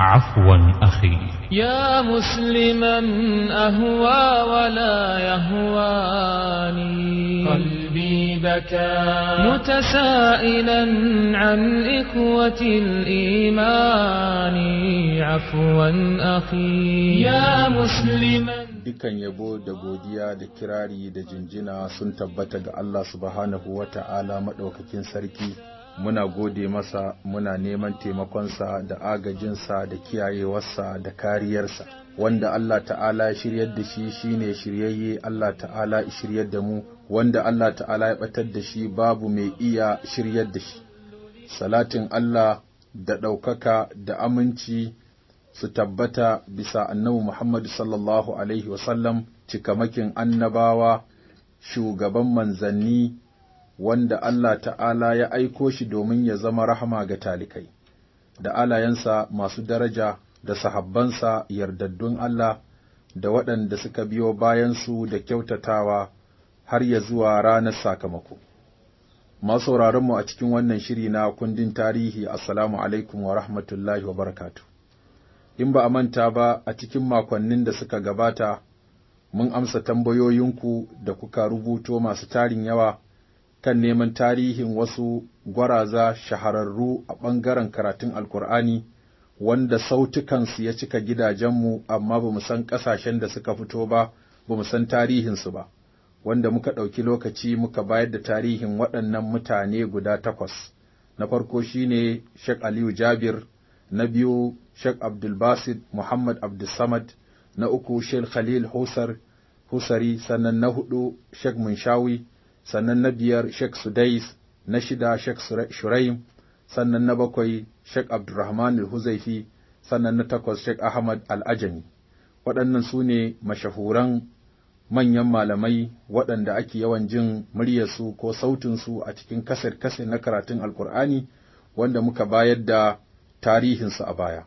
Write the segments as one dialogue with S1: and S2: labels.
S1: عفوا أخي يا مسلما أهوى ولا يهواني قلبي بكى متسائلا عن إخوة الإيمان عفوا أخي يا مسلما dukan yabo
S2: da godiya da kirari da jinjina sun tabbata ga Allah subhanahu wa ta'ala maɗaukakin sarki muna gode masa muna neman taimakonsa da agajinsa da kiyayewarsa da kariyarsa wanda Allah ta'ala ya shiryar da shi shine shiryayye Allah ta'ala ya shiryar da mu wanda Allah ta'ala ya batar da shi babu mai iya shiryar da shi salatin Allah da ɗaukaka da aminci su tabbata bisa annabi Muhammad sallallahu alaihi wasallam cikamakin annabawa shugaban manzanni wanda Allah ta'ala ya aiko shi domin ya zama rahama ga talikai, da alayensa masu daraja da sahabbansa yardaddun Allah da waɗanda suka biyo bayansu da kyautatawa har ya zuwa ranar sakamako. Masu mu a cikin wannan shiri na kundin tarihi, Assalamu alaikum wa rahmatullahi wa barakatu. In ba a manta ba a cikin makonnin da suka gabata, mun amsa tambayoyinku da kuka rubuto masu tarin yawa. kan neman tarihin wasu gwaraza shahararru a ɓangaren karatun Alkur'ani wanda sautukansu ya cika gidajenmu amma ba mu san ƙasashen da suka fito ba, ba mu san tarihinsu ba, wanda muka ɗauki lokaci muka bayar da tarihin waɗannan mutane guda takwas. Na farko shi ne Sheikh Aliyu Jabir, na biyu Sheikh Abdulbasid Muhammad Abdulsamad, na uku Sheikh Khalil Husar, Husari, sannan na hudu Sheikh Munshawi, sannan na biyar Sheikh Sudais, na shida Sheikh Shuraim, sannan na bakwai Sheikh Abdurrahman al-Huzaifi, sannan na takwas Sheikh Ahmad al-Ajami. Waɗannan su ne mashahuran manyan malamai waɗanda ake yawan jin muryarsu ko sautinsu a cikin kase-kase na karatun Alkur'ani, wanda muka bayar da tarihinsu a baya.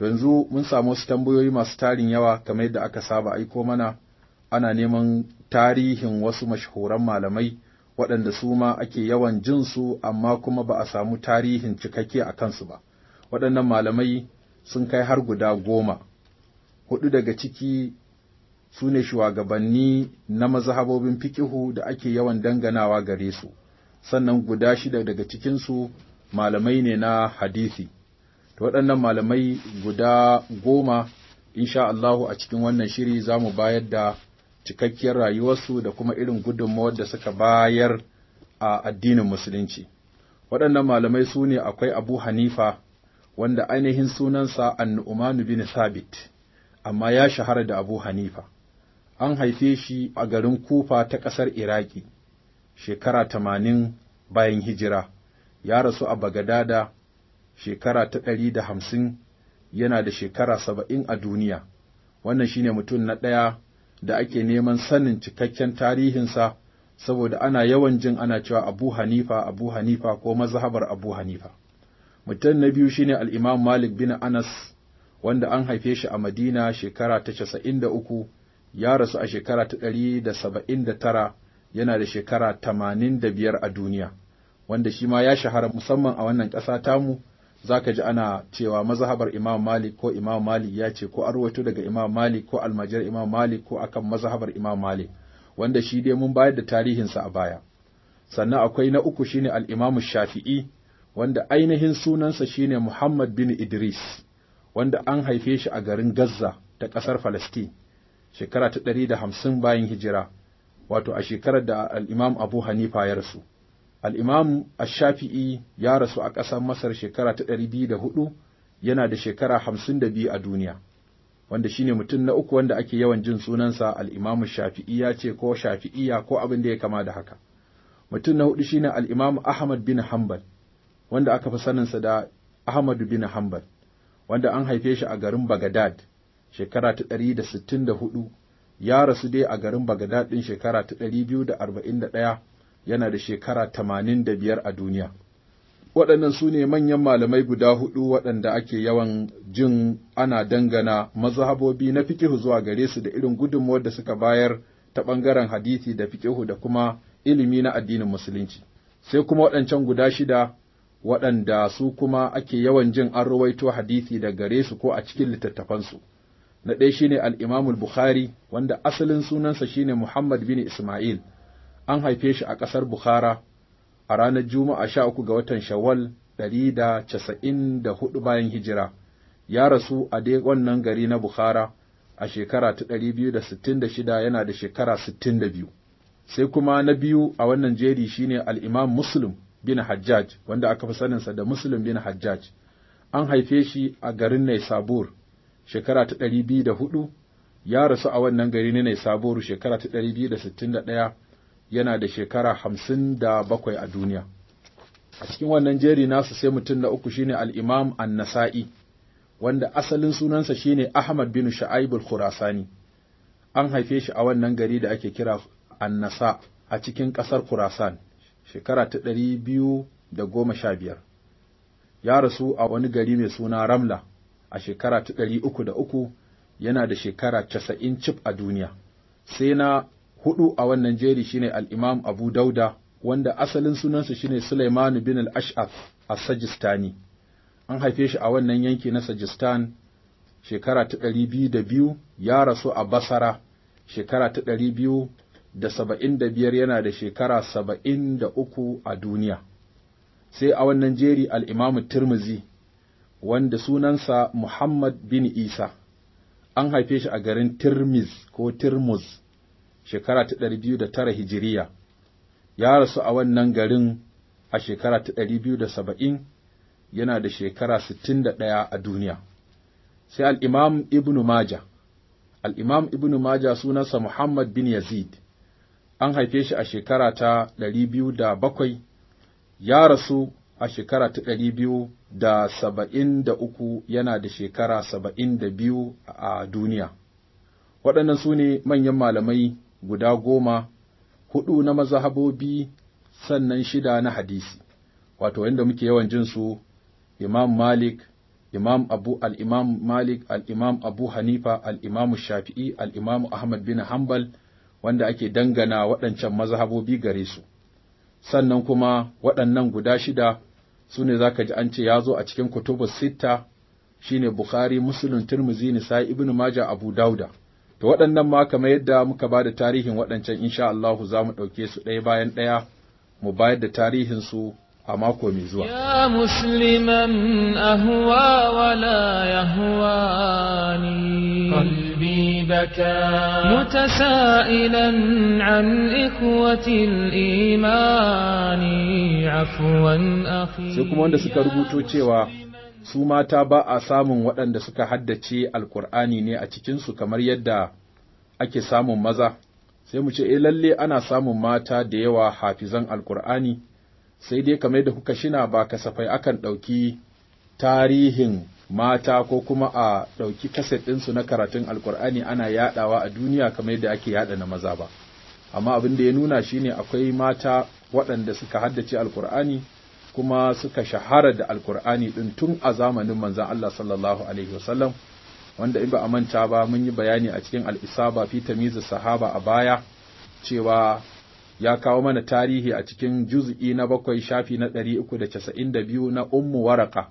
S2: To yanzu mun samu wasu tambayoyi masu tarin yawa kamar yadda aka saba aiko mana ana neman tarihin wasu mashhuran malamai waɗanda su ma ake yawan jin su amma kuma ba a samu tarihin cikakke a kansu ba. Waɗannan malamai sun kai har guda goma, hudu daga ciki su ne shugabanni na mazhabobin fikihu da ake yawan danganawa gare su, sannan guda shida daga cikinsu malamai ne na hadisi. To waɗannan malamai guda goma, insha Allahu a cikin wannan shiri za mu bayar da cikakkiyar rayuwarsu da kuma irin gudunmawar da suka bayar a addinin musulunci waɗannan malamai su ne akwai abu hanifa wanda ainihin sunansa annu'umanu bin sabit amma ya shahara da abu hanifa an haife shi a garin kufa ta ƙasar iraki shekara tamanin bayan hijira ya rasu a bagadada shekara ta ɗari da hamsin yana da shekara saba'in a duniya wannan shine mutum na ɗaya da ake neman sanin cikakken tarihinsa saboda ana yawan jin ana cewa Abu Hanifa Abu Hanifa ko mazhabar Abu Hanifa mutum na biyu shine al-Imam Malik bin Anas wanda an haife shi a Madina shekara ta da uku ya rasu a shekara ta ɗari da tara, yana da shekara tamanin da biyar a duniya wanda shi ma ya shahara musamman a wannan ƙasa tamu zaka ji ana cewa mazhabar Imam Malik ko Imam Malik ya ce ko arwato daga Imam Malik ko almajar Imam Malik ko akan mazhabar Imam Malik wanda shi dai mun bayar da tarihinsa a baya sannan akwai na uku shine al-Imam Shafi'i wanda ainihin sunansa shine Muhammad bin Idris wanda an haife shi a garin Gaza ta ƙasar Falastin shekara ta ɗari da hamsin bayan hijira wato a shekarar da al-Imam Abu Hanifa ya rasu Al'imam Ash-Shafi'i ya rasu a ƙasar Masar shekara ta ɗari biyu da hudu yana da shekara hamsin da biyu a duniya, wanda shi ne mutum na uku wanda ake yawan jin sunansa alimam Shafi'i ya ce ko Shafi'iya ko abin da ya kama da haka. Mutum na hudu shine al'imam Ahmad bin Hanbal, wanda aka fi saninsa da Ahmad bin Hanbal, wanda an haife shi a garin Bagadad shekara ta ɗari da sittin da hudu, ya rasu dai a garin Bagadad ɗin shekara ta ɗari biyu da arba'in da ɗaya yana da shekara tamanin da biyar a duniya. Waɗannan su ne manyan malamai guda huɗu waɗanda ake yawan jin ana dangana mazhabobi na fikihu zuwa gare su da irin gudunmuwar da suka bayar ta ɓangaren hadisi da fikihu da kuma ilimi na addinin musulunci. Sai kuma waɗancan guda shida waɗanda su kuma ake yawan jin an rawaito hadisi da gare su ko a cikin littattafansu. Na ɗaya shine al-Imamul Bukhari wanda asalin sunansa shine Muhammad bin Ismail an haife shi a ƙasar Bukhara a ranar Juma'a sha uku ga watan Shawwal ɗari da casa'in da hudu bayan hijira, ya rasu a dai wannan gari na Bukhara a shekara ta ɗari biyu da sittin da shida yana da shekara sittin da biyu. Sai kuma na biyu a wannan jeri shine al'imam Muslim bin Hajjaj, wanda aka fi saninsa da Muslim bin Hajjaj. An haife shi a garin Naisabur, shekara ta ɗari biyu da hudu, ya rasu a wannan gari na Naisabur shekara ta ɗari biyu da sittin da ɗaya yana da shekara hamsin da bakwai a duniya a cikin wannan jeri nasu sai mutum na uku shine alimam an-nasa'i wanda asalin sunansa shine ahmad bin Sha'aibul kurasani khurasani an haife shi a wannan gari da ake kira an-nasa a cikin ƙasar Kurasan shekara ta ɗari biyu da goma sha biyar ya rasu a wani gari mai suna ramla a shekara ta ɗari uku da uku yana da shekara casa'in cif a duniya sai na hudu a wannan jeri shine al-Imam Abu Dauda wanda asalin sunansa shine Sulaiman bin al-Ash'ath as-Sajistani an haife shi a wannan yanki na Sajistan shekara ta ɗari ya rasu a Basara shekara ta ɗari biyar yana da shekara saba'in uku a duniya sai a wannan jeri al-Imam Tirmizi wanda sunansa Muhammad bin Isa an haife shi a garin Tirmiz ko Tirmuz shekara ta ɗari biyu da tara hijiriya, ya rasu a wannan garin a shekara ta ɗari biyu da saba'in yana da shekara sittin da ɗaya a duniya. Sai al'imam Ibn Maja, al'imam Ibn Maja sunansa Muhammad bin Yazid, an haife shi a shekara ta ɗari biyu da bakwai, ya rasu a shekara ta ɗari biyu da saba'in da uku yana da shekara saba'in da biyu a duniya. Waɗannan su ne manyan malamai guda goma, huɗu na mazahabobi sannan shida na hadisi, wato yadda muke yawan jinsu, Imam Malik, Imam Abu al Malik, Al'imam Abu Hanifa, al-Imam Shafi'i, al-Imam Ahmad bin Hanbal wanda ake dangana waɗancan mazahabobi gare su. Sannan kuma waɗannan guda shida su ne za ka ji an ce ya zo a cikin kutubu sitta shine Bukhari, Musulun Tirmidhi, Nisa, Ibn Majah, Abu Dauda. To waɗannan ma kamar yadda muka ba da tarihin waɗancan insha Allah za mu ɗauke su ɗaya bayan ɗaya mu bayar da tarihin su a mako mai zuwa.
S1: Ya musliman ahuwa wa la ni kalbi baka mutasa'ilan an ikwatin imani
S2: afwan Sai kuma wanda suka rubuto cewa su mata ba a samun waɗanda suka haddace alkur'ani ne a cikinsu kamar yadda ake samun maza sai mu ce e lalle ana samun mata da yawa hafizan alkur'ani sai dai kamar da kuka shina ba kasafai akan ɗauki tarihin mata ko kuma a ɗauki kaset ɗinsu na karatun alkur'ani ana yaɗawa a duniya kamar yadda ake yaɗa na maza ba amma abin da ya nuna shine akwai mata waɗanda suka haddace alkur'ani kuma suka shahara da alkur'ani din tun a zamanin manzon Allah sallallahu alaihi wasallam wanda in ba a manta ba mun yi bayani a cikin al'isaba, isaba fi tamyiz sahaba a baya cewa ya kawo mana tarihi a cikin juz'i na bakwai shafi na ɗari uku da casa'in da biyu na Ummu Waraka.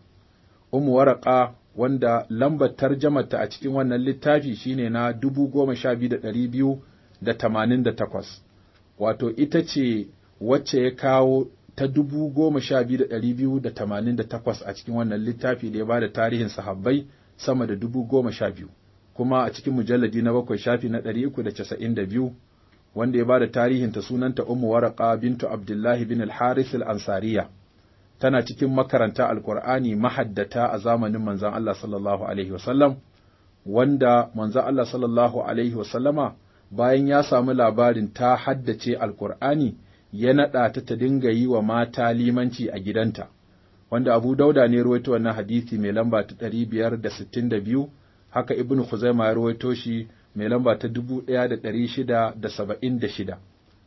S2: Ummu Waraka wanda lambar tarjamarta a cikin wannan littafi shine na dubu goma sha biyu da ɗari biyu da tamanin da takwas. Wato ita ce wacce ya kawo ta dubu goma sha biyu da ɗari biyu da tamanin da takwas a cikin wannan littafi da ya bada tarihin sahabbai sama da dubu goma sha biyu kuma a cikin mujalladi na bakwai shafi na ɗari uku da casa'in da biyu wanda ya bada tarihinta sunanta Ummu Waraka bintu Abdullahi bin al-Harith al-Ansariya tana cikin makaranta alkur'ani mahaddata a zamanin manzon Allah sallallahu alaihi wasallam wanda manzon Allah sallallahu alaihi wasallama bayan ya samu labarin ta haddace alkur'ani ya naɗa ta ta dinga yi wa mata limanci a gidanta, wanda Abu Dauda ne ruwaito wannan hadisi mai lamba ta ɗari biyar da sittin da biyu, haka Ibn Khuzaima ya ruwaito shi mai lamba ta dubu ɗaya da ɗari shida da saba'in da shida,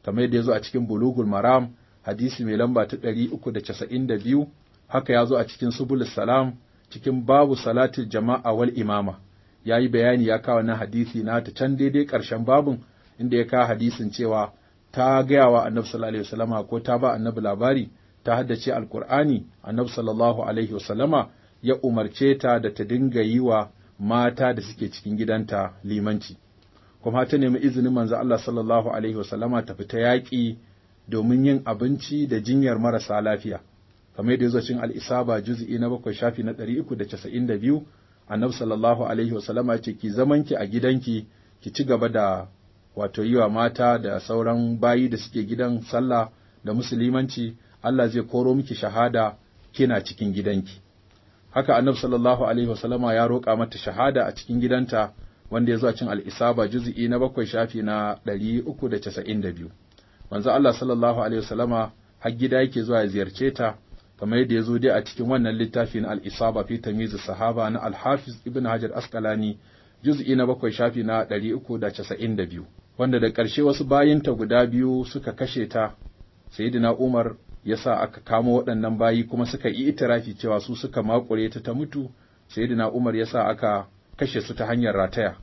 S2: kamar yadda ya zo a cikin Bulugul Maram hadisi mai lamba ta ɗari uku da casa'in da biyu, haka ya zo a cikin Subul Salam cikin babu salatul jama'a wal imama. Ya yi bayani ya kawo na hadisi na ta can daidai ƙarshen babun inda ya kawo hadisin cewa ta gaya wa annabi sallallahu alaihi wasallama ko ta ba annabi labari ta haddace alkur'ani annabi sallallahu alaihi wasallama ya umarce ta da ta dinga yi wa mata da suke cikin gidanta limanci kuma ta nemi izinin manzo Allah sallallahu alaihi wasallama ta fita yaƙi domin yin abinci da jinyar marasa lafiya kamar yadda yazo cikin al-isaba juz'i na bakwai shafi na 392 annabi sallallahu alaihi wasallama ce ki zamanki a gidanki ki ci gaba da wato yi wa mata da sauran bayi da suke gidan sallah da musulmanci Allah zai koro miki shahada kina cikin gidanki haka annabi sallallahu alaihi wasallama ya roƙa mata shahada a cikin gidanta wanda ya zo a cin al'isaba juz'i na bakwai shafi na ɗari manzo Allah sallallahu alaihi wasallama har gida yake zuwa ya ziyarce ta kamar yadda ya zo dai a cikin wannan littafi na al'isaba fi tamizu sahaba na alhafiz ibn hajar asqalani juz'i na bakwai shafi na ɗari da casa'in da biyu wanda da ƙarshe wasu bayinta guda biyu suka kashe ta, Sayyidina Umar ya sa aka kamo waɗannan bayi kuma suka yi itirafi cewa su suka makure ta ta mutu, Sayyidina na'umar ya sa aka kashe su ta hanyar rataya,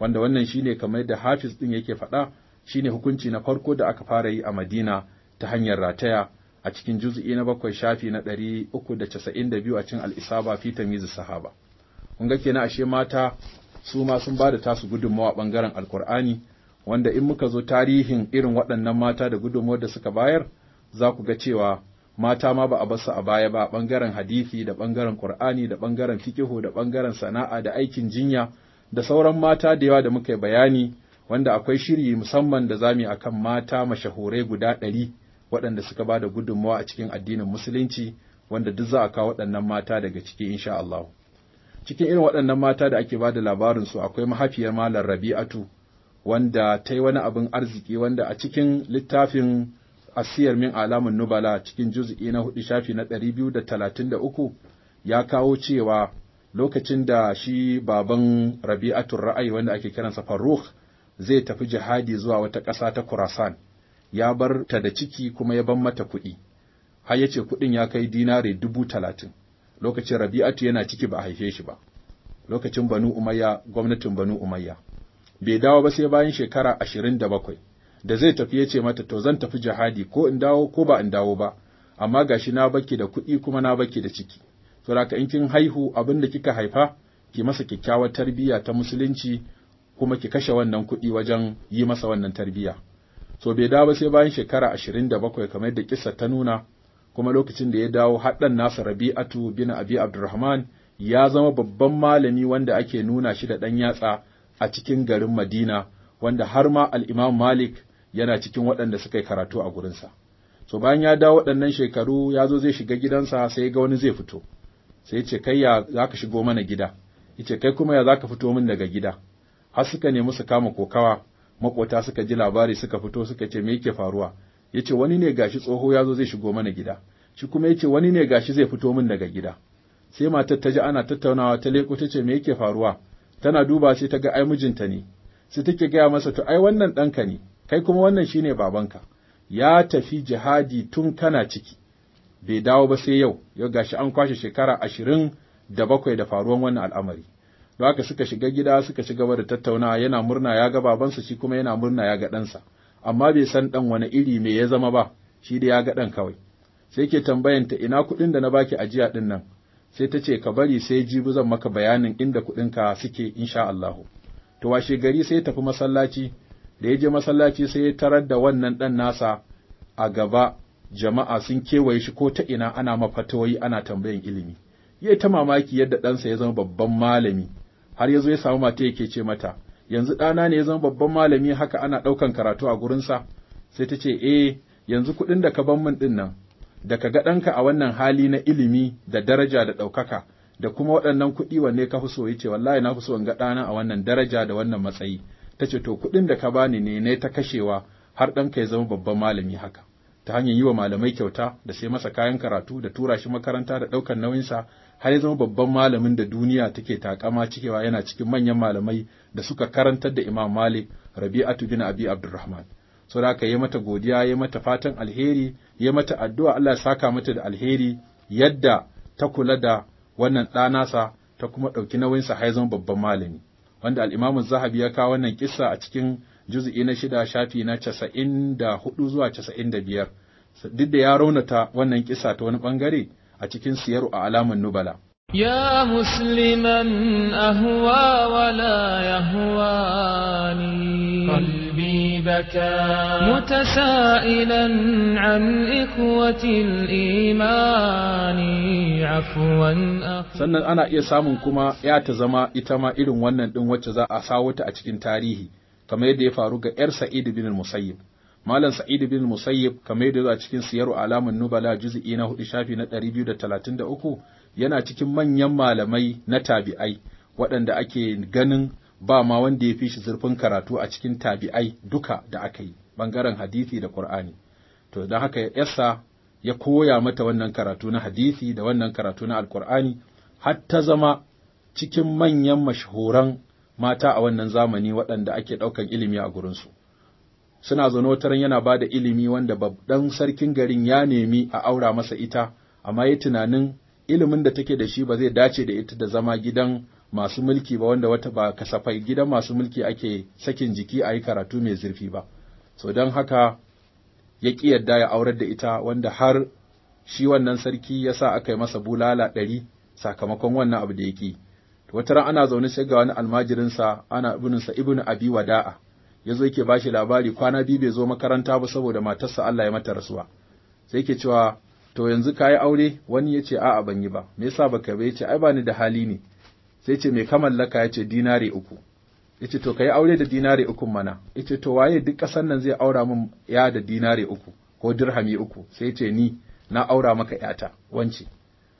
S2: wanda wannan shi ne kamar da Hafiz ɗin yake faɗa, shi ne hukunci na farko da aka fara yi a Madina ta hanyar rataya a cikin juz'i na bakwai shafi na ɗari uku da casa'in da biyu a cikin al'isaba fi tamizu sahaba. Kun ga kenan ashe mata su ma sun ba da tasu gudunmawa ɓangaren Alkur'ani. wanda in muka zo tarihin irin waɗannan mata da gudunmuwar da suka bayar, za ku ga cewa mata ma ba a basu a baya ba ɓangaren hadithi da ɓangaren Ƙur'ani da ɓangaren fikihu da ɓangaren sana'a da aikin jinya da sauran mata da yawa da muka bayani wanda akwai shiri musamman da zamu yi akan mata mashahurai guda ɗari waɗanda suka ba da gudunmawa a cikin addinin musulunci wanda duk za a kawo waɗannan mata daga ciki insha Allah. Cikin irin waɗannan mata da ake ba da labarinsu akwai mahaifiyar Malam Rabi'atu wanda ta yi wani abin arziki wanda a cikin littafin asiyar min alamun nubala cikin juzu'i na hudu shafi na ɗari biyu da talatin da uku ya kawo cewa lokacin da shi baban rabi'atul ra'ayi wanda ake kiransa faruk zai tafi jihadi zuwa wata ƙasa ta kurasan ya bar ta da ciki kuma ya ban mata kuɗi har ya ce kuɗin ya kai dinare dubu talatin lokacin rabi'atu yana ciki ba a haife shi ba lokacin banu umayya gwamnatin banu umayya bai dawo ba sai bayan shekara ashirin da bakwai, da zai tafi ya ce mata, To, zan tafi jihadi ko in dawo ko ba in dawo ba, amma gashi na baki da kuɗi kuma na baki da ciki. Saboda in kin haihu abin da kika haifa, ki masa kyakkyawar tarbiyya ta musulunci kuma ki kashe wannan kuɗi wajen yi masa wannan tarbiyya. So bai dawo ba sai bayan shekara ashirin da bakwai kamar yadda kisa ta nuna, kuma lokacin da ya dawo haɗan nasa Rabi'atu bin Abi Abdurrahman ya zama babban malami wanda ake nuna shi da ɗan yatsa a cikin garin Madina wanda har ma al'imam Malik yana cikin waɗanda suka yi karatu a gurinsa. So bayan ya dawo waɗannan shekaru ya zo zai shiga gidansa sai ga wani zai fito, sai ce kai ya za ka shigo mana gida, ce kai kuma ya za ka fito min daga gida, har suka nemi su kama kokawa, maƙota suka ji labari suka fito suka ce me yake faruwa, Ya ce wani ne gashi tsoho ya zo zai shigo mana gida, shi kuma yace wani ne gashi zai fito min daga gida. Sai matar ta ji ana tattaunawa ta leko ta ce me yake faruwa, tana duba sai ta ga ai mijinta ne sai take gaya masa to ai wannan ɗanka ne kai kuma wannan shine babanka ya tafi jihadi tun kana ciki bai dawo ba sai yau yau gashi an kwashe shekara ashirin da bakwai da faruwan wannan al'amari don haka suka shiga gida suka ci gaba da tattaunawa yana murna ya ga babansa shi kuma yana murna ya ga ɗansa amma bai san ɗan wani iri me ya zama ba shi da ya ga ɗan kawai sai ke tambayanta ina kuɗin da na baki ajiya ɗin nan sai ta ce ka bari sai jibi zan maka bayanin inda kuɗinka suke insha Allahu. To washe gari sai tafi masallaci, da ya je masallaci sai ya tarar da wannan ɗan nasa a gaba jama'a sun kewaye shi ko ta ina ana mafatoyi ana tambayan ilimi. Yayi ta mamaki yadda ɗansa ya zama babban malami, har ya zo ya samu mata yake ce mata, yanzu ɗana ne ya zama babban malami haka ana ɗaukan karatu a gurinsa, sai ta ce, eh, yanzu kuɗin da ka ban min ɗin nan, da ka ga ɗanka a wannan hali na ilimi da daraja da ɗaukaka da kuma waɗannan kuɗi wanne ka fi so ce wallahi na fi so in ga ɗana a wannan daraja da wannan matsayi Ta ce to kuɗin da ka bani ne ne ta kashewa har ɗanka ya zama babban malami haka ta hanyar yi wa malamai kyauta da sai masa kayan karatu da tura shi makaranta da ɗaukar nauyinsa har ya zama babban malamin da duniya take takama cikewa yana cikin manyan malamai da suka karantar da Imam Malik Rabi'atu bin Abi Abdurrahman saboda yi yi mata godiya ya mata fatan alheri ya mata addu'a Allah ya saka mata da alheri yadda ta kula da wannan ɗa nasa ta kuma ɗauki nauyinsa har zama babban malami wanda al'imamun zahabi ya kawo wannan kissa a cikin juzu'i na shida shafi na casa'in da hudu zuwa casa'in da biyar duk da ya raunata wannan kissa ta wani bangare a cikin siyaru a alamun nubala
S1: يا مسلما أهوى ولا يهواني بكى متسائلا عن إخوة الإيمان
S2: عفوا sannan ana iya samun kuma ya ta zama ita ma irin wannan ɗin wacce za a sawo a cikin tarihi kamar yadda ya faru ga 'yar Sa'id bin Musayyib Malam Sa'id bin Musayyab kamar yadda za cikin siyarwa alamun nubala juz'i na hudu shafi na da uku, yana cikin manyan malamai na tabi'ai waɗanda ake ganin ba ma wanda ya fi shi zurfin karatu a cikin tabi'ai duka da aka yi ɓangaren hadisi da Qur'ani. To don haka yasa ya koya mata wannan karatu na hadisi da wannan karatu na Alƙur'ani har ta zama cikin manyan mashhuran mata a wannan zamani waɗanda ake ɗaukan ilimi a gurinsu. Suna zaune wataran yana ba da ilimi wanda babban sarkin garin ya nemi a aura masa ita, amma ya tunanin ilimin da take da shi ba zai dace da ita da zama gidan masu mulki ba wanda wata ba kasafai gidan masu mulki ake sakin jiki a yi karatu mai zurfi ba so don haka ya ƙi yadda ya aurar da ita wanda har shi wannan sarki ya sa aka yi masa bulala ɗari sakamakon wannan abu da ya ƙi wata ran ana zaune shiga ga wani almajirinsa ana ibninsa ibnu abi wada'a ya zo yake bashi labari kwana biyu bai zo makaranta ba saboda matarsa Allah ya mata rasuwa sai ke cewa to yanzu kayi aure wani ya ce a'a ban yi ba me yasa baka ba ya ce ai ba ni da hali ne sai ce mai kamallaka ya ce dinari uku yace to kai aure da dinari uku mana yace to waye duk kasan nan zai aura min ya da dinari uku ko dirhami uku sai ce ni na aura maka yata wance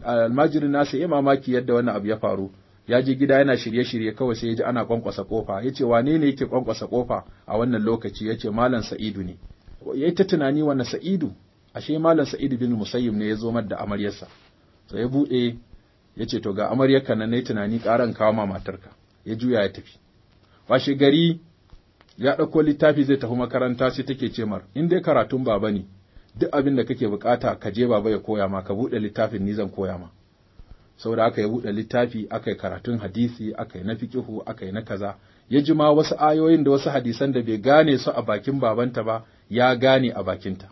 S2: almajirin nasa ya mamaki yadda wannan abu ya faru ya je gida yana shirye-shirye kawai sai ya ji ana kwankwasa kofa yace wane ne yake kwankwasa kofa a wannan lokaci yace malam sa'idu ne yayi ta tunani wannan sa'idu ashe malam sa'idu bin musayyib ne ya zo mar da amaryarsa sai ya buɗe ya ce to ga amaryarka nan nayi tunani ƙaran kawo ma matarka ya juya ya tafi washe gari ya ɗauko littafi zai tafi makaranta sai take ce mar in dai karatun baba ne duk abin da kake bukata ka je baba ya koya ma ka buɗe littafin ni zan koya ma saboda aka yi buɗe littafi aka yi karatun hadisi aka yi na fiqihu aka yi na kaza ya jima wasu ayoyin da wasu hadisan da bai gane su a bakin babanta ba ya gane a bakinta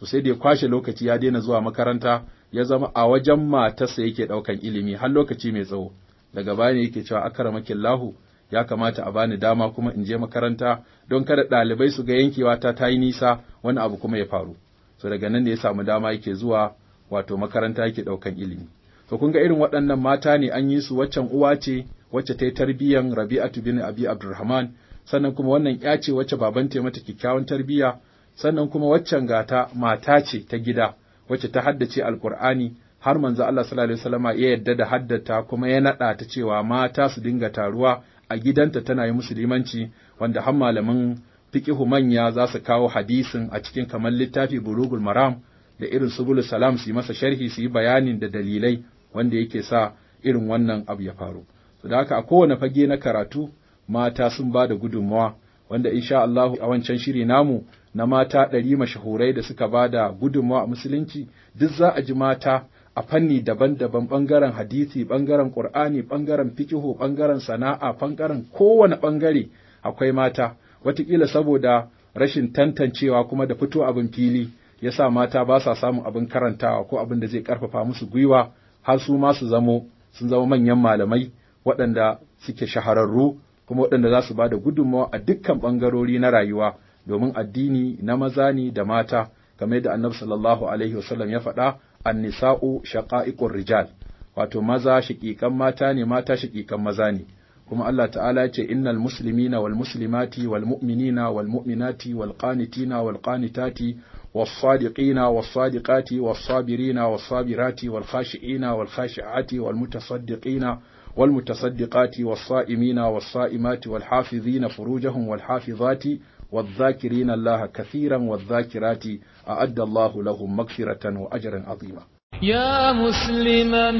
S2: so sai da ya kwashe lokaci ya daina zuwa makaranta ya zama a wajen matarsa yake ɗaukan ilimi har lokaci mai tsawo daga baya ne yake cewa Lahu, ya kamata a bani dama kuma in je makaranta don kada ɗalibai su ga yankewa ta ta yi nisa wani abu kuma ya faru so daga nan ne ya samu dama yake zuwa wato makaranta yake ɗaukan ilimi to kun ga irin waɗannan mata ne an yi su waccan uwa ce wacce ta yi tarbiyyan Rabi'atu bin Abi Abdurrahman sannan kuma wannan ya ce wacce babanta mata kyakkyawan tarbiyya sannan kuma waccan gata mata ce ta gida wacce ta haddace alkur'ani har manzo Allah sallallahu alaihi ya yadda da haddata kuma ya nada ta cewa mata su dinga taruwa a gidanta tana yi musu limanci wanda har malamin fiqihu manya za su kawo hadisin a cikin kamar littafi burugul maram da irin subul salam su yi masa sharhi su yi bayanin da dalilai wanda yake sa irin wannan abu ya faru. saboda haka a kowane fage na karatu mata sun ba da gudunmawa wanda insha Allah a wancan shiri namu na mata ɗari mashahurai da suka ba da gudunmawa a musulunci duk za a ji mata a fanni daban-daban ɓangaren hadisi, ɓangaren ƙur'ani, ɓangaren fikihu, ɓangaren sana'a, ɓangaren kowane ɓangare akwai mata. watakila saboda rashin tantancewa kuma da fito abin fili ya sa mata ba sa samun abin karantawa ko abin da zai ƙarfafa musu gwiwa har su ma su zamo sun zama manyan malamai waɗanda suke shahararru kuma waɗanda za su ba da gudunmawa a dukkan ɓangarori na rayuwa domin addini na maza ne da mata kamar da annabi sallallahu alaihi wasallam ya faɗa Nisa'u shaqa'iqur rijal wato maza shaƙiƙan mata ne mata shaƙiƙan maza ne kuma Allah ta'ala ya ce innal muslimina wal muslimati wal mu'minina wal mu'minati wal qanitina wal qanitati والصادقين والصادقات والصابرين والصابرات والخاشئين والخاشعات والمتصدقين والمتصدقات والصائمين والصائمات والحافظين فروجهم والحافظات والذاكرين الله كثيرا والذاكرات أعد الله لهم مغفرة وأجرا عظيما
S1: يا مسلما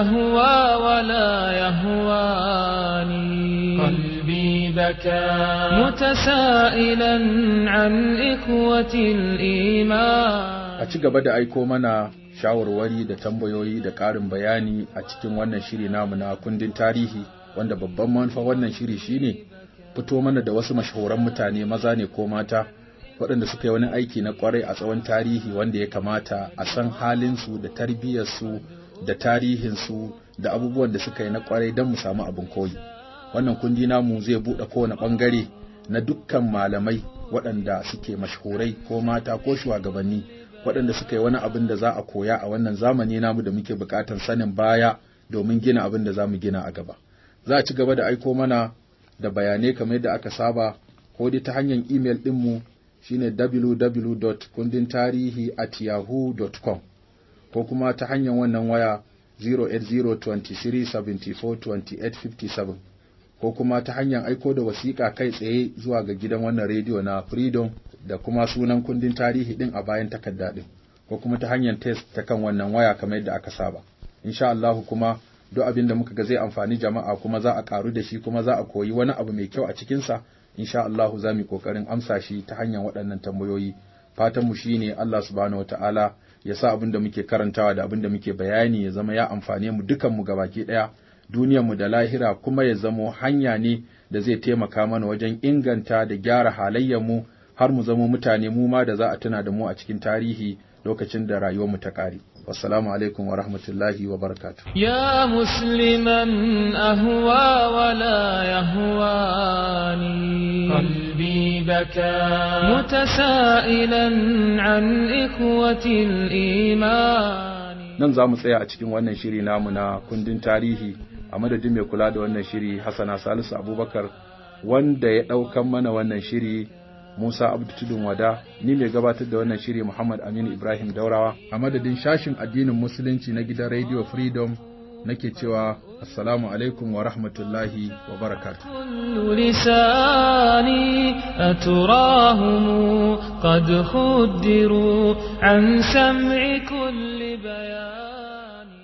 S1: أهوى ولا
S2: يهواني بكى
S1: متسائلا عن إخوة الإيمان
S2: da aiko mana shawarwari da tambayoyi da ƙarin bayani a cikin wannan shiri namu na kundin tarihi wanda babban manufa wannan shiri shine fito mana da wasu mashahuran mutane maza ne ko mata waɗanda suka yi wani aiki na ƙwarai a tsawon tarihi wanda ya kamata a san halinsu da tarbiyyarsu da tarihinsu da abubuwan da suka yi na ƙwarai don mu samu abin koyi. wannan kundi namu zai buɗe kowane ɓangare na dukkan malamai waɗanda suke mashhurai ko mata ko shugabanni waɗanda suka yi wani abin da za a koya a wannan zamani namu da muke buƙatar sanin baya domin gina abin da za mu gina a gaba za a ci gaba da aiko mana da bayanai kamar yadda aka saba ko dai ta hanyar email ɗinmu shine www.kundintarihi@yahoo.com ko kuma ta hanyar wannan waya 08023742857 ko kuma ta hanyar aiko da wasiƙa kai tsaye zuwa ga gidan wannan rediyo na Freedom da kuma sunan kundin tarihi ɗin a bayan takarda ɗin, ko kuma ta hanyar test ta kan wannan waya kamar yadda aka saba insha Allahu kuma duk abin da muka ga zai amfani jama'a kuma za a karu da shi kuma za a koyi wani abu mai kyau a cikin sa insha Allahu za mu kokarin amsa shi ta hanyar waɗannan tambayoyi fatan mu ne Allah subhanahu wataala ya sa abin da muke karantawa da abin da muke bayani ya zama ya amfane mu dukan mu gabaki ɗaya duniyarmu da lahira kuma ya zamo hanya ne da zai taimaka mana wajen inganta da gyara halayyarmu har mu zamo mutane mu ma da za a tuna da mu a cikin tarihi lokacin da rayuwarmu ta ƙare. والسلام عليكم ورحمة الله وبركاته
S1: يا مسلما أهوى ولا يهواني قلبي بكى متسائلا عن إخوة الإيمان
S2: nan za mu tsaya a cikin wannan shiri namu na kundin tarihi a madadin mai kula da wannan shiri Hassana Salisu Abubakar wanda ya ɗaukan mana wannan shiri Musa Abdu Wada ni mai gabatar da wannan shiri Muhammad Aminu Ibrahim Daurawa a madadin shashin addinin musulunci na gidan Radio Freedom nake cewa assalamu alaikum wa rahmatullahi wa barakatuh